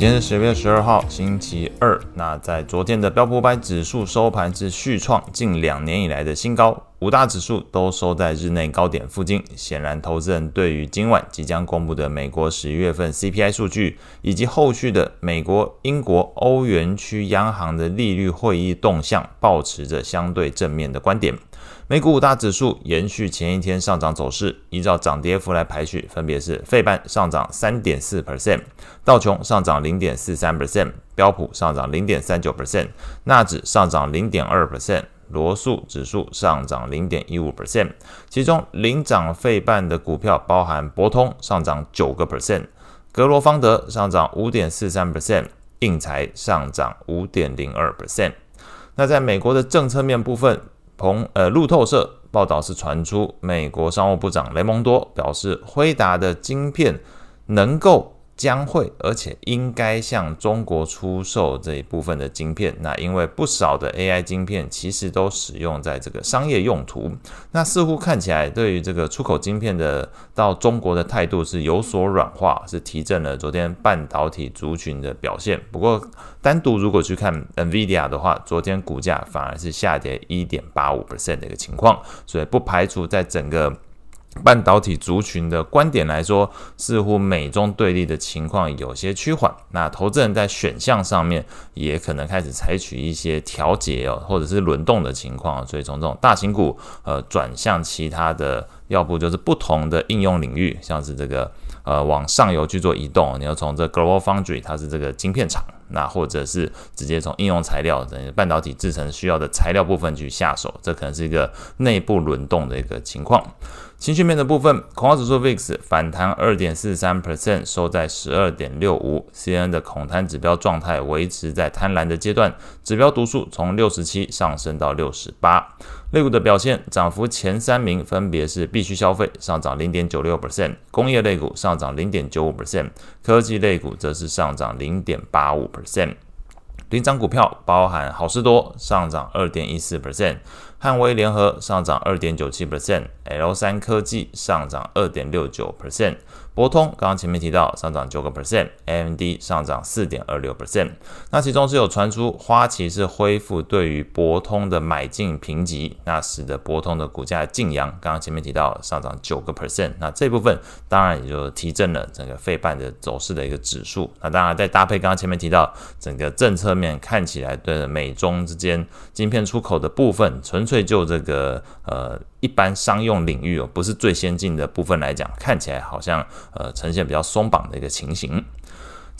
今天是十二月十二號，星期二。那在昨天的標普五百指數收盤至續創近兩年以來的新高。五大指數都收在日內高點附近，顯然，投資人對於今晚即將公布的美國十一月份 CPI 數據以及後續的美國、英國、歐元區央行的利率會議動向，抱持著相對正面的觀點。美股五大指數延續前一天上漲走勢，依照漲跌幅來排序，分別是：費半上漲三點四 percent，道瓊上漲零點四三 percent，標普上漲零點三九 percent，納指上漲零點二 percent。羅素指數上漲零點一五 percent，其中領漲費半的股票包含博通上漲九個 percent，格羅方德上漲五點四三 percent，應材上漲五點零二 percent。那在美國的政策面部分，彭呃路透社報道是傳出，美國商務部長雷蒙多表示，輝達的晶片能夠。將會，而且應該向中國出售這一部分的晶片。那因為不少的 AI 晶片其實都使用在這個商業用途。那似乎看起來對於這個出口晶片的到中國的態度是有所軟化，是提振了昨天半導體族群的表現。不過單獨如果去看 NVIDIA 的話，昨天股價反而是下跌一點八五 percent 的一個情況，所以不排除在整個。半導體族群的觀點來說，似乎美中對立的情況有些趨緩。那投資人在選項上面也可能開始採取一些調節哦，或者是輪動的情況哦，所以從這種大型股呃轉向其他的，要不就是不同的應用領域，像是這個呃往上游去做移動，你要從這 Global Foundry，它是這個晶片廠。那或者是直接從應用材料等半導體制程需要的材料部分去下手，這可能是一個內部輪動的一個情況。情緒面的部分，恐慌指數 VIX 反彈2.43%，收在12.65%。CNN 的恐貪指標狀態維持在貪婪的階段，指標讀數從67上升到68。類股的表現，漲幅前三名分別是必需消費上漲0.96%，工業類股上漲0.95%，科技類股則是上漲0.85%。percent 領漲股票包含好市多上漲二點一四 percent，漢威聯合上漲二點九七 percent，L 三科技上漲二點六九 percent。博通剛剛前面提到上漲九個 percent，AMD 上漲四點二六 percent。那其中是有傳出花旗是恢復對於博通的買進評級，那使得博通的股價的勁揚。剛剛前面提到上漲九個 percent，那這部分當然也就提振了整個費半的走勢的一個指數。那當然再搭配剛剛前面提到整個政策面看起來對美中之間晶片出口的部分，純粹就這個呃。一般商用領域哦，不是最先進的部分來講，看起來好像呃呈現比較鬆綁的一個情形。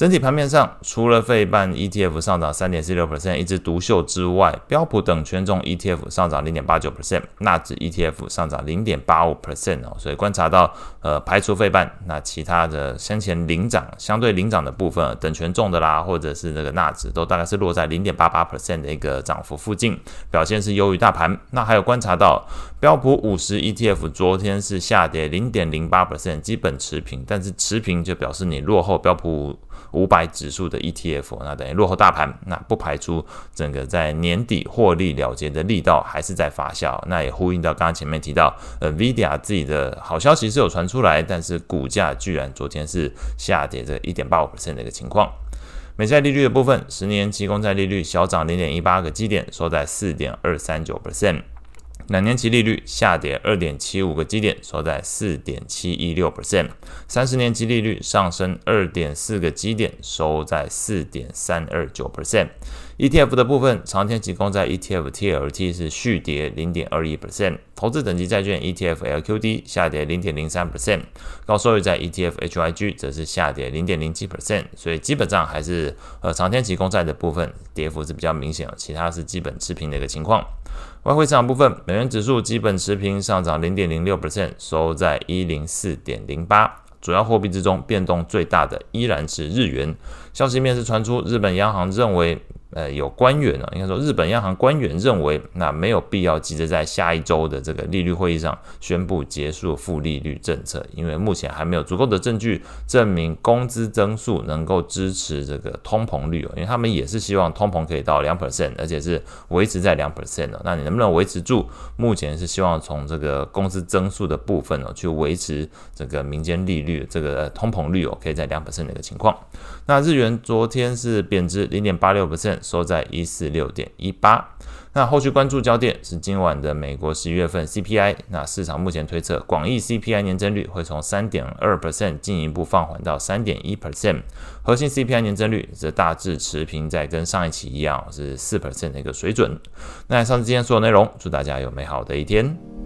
整體盤面上，除了費半 ETF 上漲三點四六 percent 一枝獨秀之外，標普等權重 ETF 上漲零點八九 percent，納指 ETF 上漲零點八五 percent 哦。所以觀察到，呃，排除費半，那其他的先前領漲、相對領漲的部分，等權重的啦，或者是那個納指，都大概是落在零點八八 percent 的一個漲幅附近，表現是優於大盤。那還有觀察到，標普五十 ETF 昨天是下跌零點零八 percent，基本持平，但是持平就表示你落後標普。五百指數的 ETF，那等於落後大盤，那不排除整個在年底獲利了結的力道還是在發酵。那也呼應到剛剛前面提到，呃，NVIDIA 自己的好消息是有傳出來，但是股價居然昨天是下跌着一點八五%的一個情況。美債利率的部分，十年期公債利率小漲零點一八個基點，收在四點二三九%。兩年期利率下跌二點七五個基點，收在四點七一六 percent；三十年期利率上升二點四個基點，收在四點三二九 percent。ETF 的部分，長天期公債 ETF TLT 是續跌零點二一 percent，投資等級債券 ETF LQD 下跌零點零三 percent，高收益債 ETF HYG 則是下跌零點零七 percent。所以基本上還是和、呃、長天期公債的部分跌幅是比較明顯，其他是基本持平的一個情況。外匯市場部分，美元指數基本持平，上漲零點零六百分，收在一零四點零八。主要貨幣之中，變動最大的依然是日元。消息面是傳出，日本央行認為。呃，有官員呢，應該說日本央行官員認為，那沒有必要急着在下一周的這個利率會議上宣布結束負利率政策，因為目前還沒有足夠的證據證明工資增速能夠支持這個通膨率哦、喔，因為他們也是希望通膨可以到兩 percent，而且是維持在兩 percent 哦。喔、那你能不能維持住？目前是希望從這個工資增速的部分哦、喔，去維持這個民間利率這個通膨率哦、喔，可以在兩 percent 的一個情況。那日元昨天是貶值零點八六 percent。收在一四六點一八，那後續關注焦點是今晚的美國十一月份 CPI。那市場目前推測，廣義 CPI 年增率會從三點二 percent 進一步放緩到三點一 percent，核心 CPI 年增率則大致持平，在跟上一期一樣是四 percent 的一個水準。那以上是今天所有內容，祝大家有美好的一天。